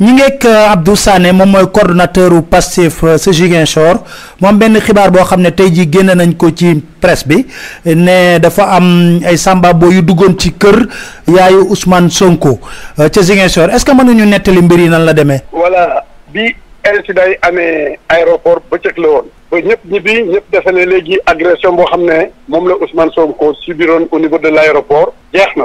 ñi ngeeg euh, Abdou Sané moom mooy coordonnateur u Pastef euh, sa Ziguinchor moom benn xibaar boo xam ne tey jii génne nañ ko ci presse bi ne dafa am ay boo yu duggoon ci kër yaayu Ousmane Sonko euh, ca Ziguinchor est-ce que mën nañu nettali mbir yi nan la demee. wala bi incident yi amee aéroport bëccëg la woon. ba ñëpp ñi bi ñëpp defe ne léegi agression boo xam ne moom la Ousmane Sonko subiroon au niveau de l' aéroport jeex na.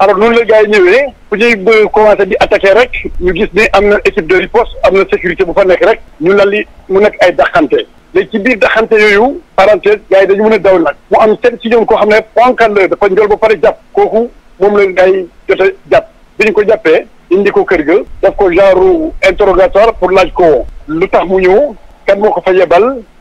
alors noonu la gaa yi ñëwee fu ñuy bëgg commencé di attaqué rek ñu gis ni am na équipe de riposte am na sécurité bu fa nekk rek ñu lal li mu nekk ay daxante léegi ci biir daxante yooyu parenthèse gars yi dañu mun a daw nag mu am seen ci ñoom koo xam ne ponkal la dafa njool ba pare jàpp kooku moom la gars yi jot jàpp bi ñu ko jàppee indi ko kër ga daf ko genre interrogatoire pour laaj ko lu tax mu ñëw kenn moo ko fa yebal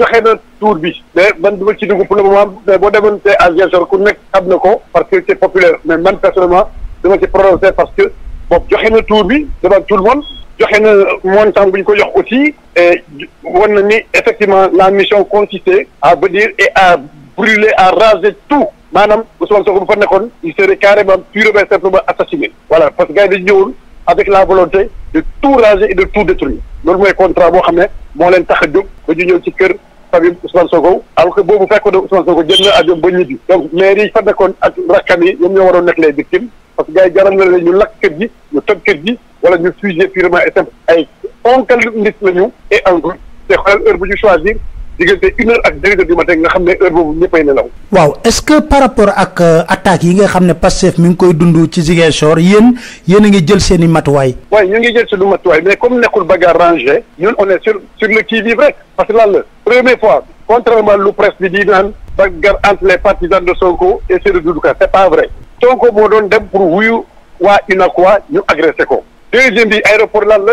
joxe na tour bi mais man du ci dugg pour le moment mais boo demoon te Ziguinchor ku nek xam na ko parce que c'est populaire mais man personnellement dama ci prononcé parce que bon, joxe na tour bi devant tout le monde joxe na montant buñ ko jox aussi et wan na effectivement la mission consistait à venir et à brûler à raser tout manam Ousmane Sonko bu fa nekkoon il serait carrément purement simplement assassiné voilà parce que gars yi avec la volonté de tout raser et de tout détruire loolu mooy contrat boo xam ne moo leen tax a jóg ba ñu ñëw ci kër famille Ousmane Sonko alors que boobu fekkoon na Ousmane Sonko jël na avion ba ñibbi donc maire yi fa nekkoon ak rakkam yi ñoom ñoo waroon nekk les victimes parce que gars yi jaral na ñu lakk kër gi ñu toj kër gi wala ñu fusillé purement et ay onkal nit lañu et en te xoolal heure ñu choisir diggante une ak deux du matin nga xam ne heure boobu ñëppay nelaw. waaw est-ce que par rapport ak euh, attaques yi nga xam ne Pastef mi ngi koy dund ci Ziguinchor yéen yéen a ngi jël seen i waaye ñu ngi jël seen i matuwaay mais comme nekkul bagarre rangée ñun on est sur sur le qui vivre parce que lan fois contrairement lu presse bi di naan bagarre entre les de Sonko et ceux de Doudou Ka c'est pas vrai Sonko moo doon dem pour wuyu ko deuxième bi aéroport lan la.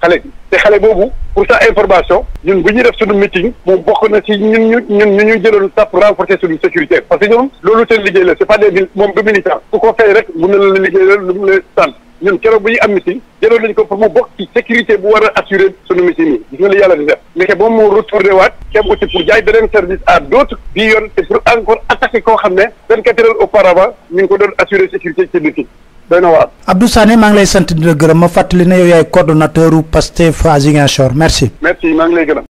C'est pour sa information ñun bu def meeting na renforcer sécurité parce que ñoom lolu seen liggéey la c'est pas des militant ku ko fay rek la meeting pour sécurité bu assurer meeting mais que pour service à d'autres pour encore attaquer auparavant assurer sécurité meeting doy na waar. Abdou Sané maa ngi lay sant di gërëm ma fàttali ne yow yaay coordonnateur u Pastef à Ziguinchor merci. merci maa ngi lay gërëm.